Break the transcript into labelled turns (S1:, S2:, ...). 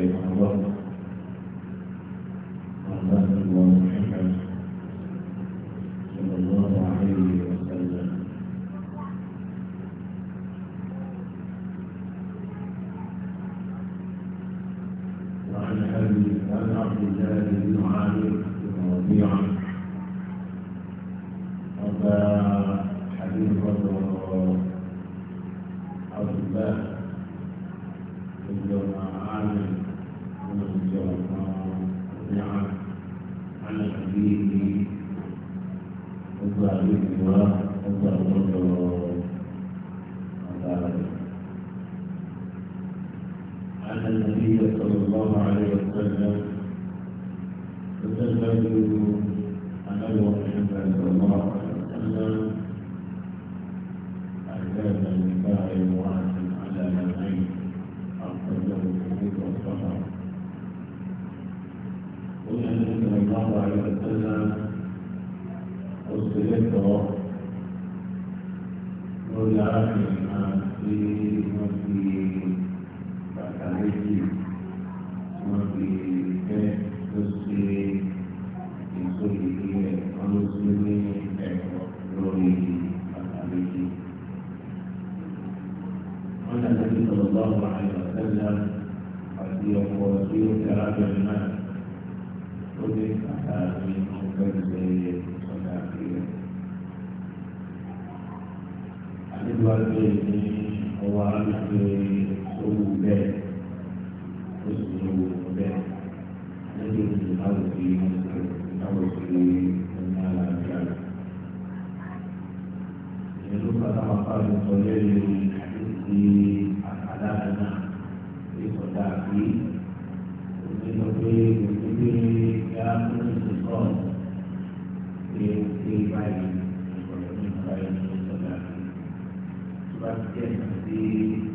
S1: إليه الله قال الله محمد صلى الله عليه وسلم وعن أبي عن عبد الله بن عامر بن ربيعة هذا حديث عبد الله gba àlejò wa wọ́n gba lọ́dọ̀ ọ̀gá rẹ̀. أن النبي صلى الله عليه وسلم تزوج أنا ومحمد صلى الله عليه وسلم أعجاب النكاح واحد على نوعين أخرجه الحديث والصحابة وأن صلى الله عليه وسلم oṣù lẹ́tọ̀ọ́ lórí arábìnrin náà tí wọ́n fi bàtà méjì wọ́n fi fẹ́ tó ṣe èso ìdí rẹ̀ wọ́n ló ṣe ní ẹ̀kọ́ lórí bàtà méjì. wọ́n yàtọ̀ sí ọ̀rọ̀ bá wà ní àti ọ̀pọ̀ tí ó tẹ̀ arábìnrin náà ó lè kàtà ní ọgbẹ́ ìgbẹ́ ọ̀dà àbílẹ̀. Àdébùwá gbé ní ọwọ́ àgbẹ̀ owó bẹ́ẹ̀ ó sì ní owó bẹ́ẹ̀ lẹ́yìn ìbáwò sí ìbáwò sí ọ̀nà àlàáfíà. Ìlú Fàtàmà Fáàlù sọ lẹ́yìn àdéhùn sí àkàdá náà ìsọ̀dá àbí. baik, kalau ini baik, kalau ini tidak.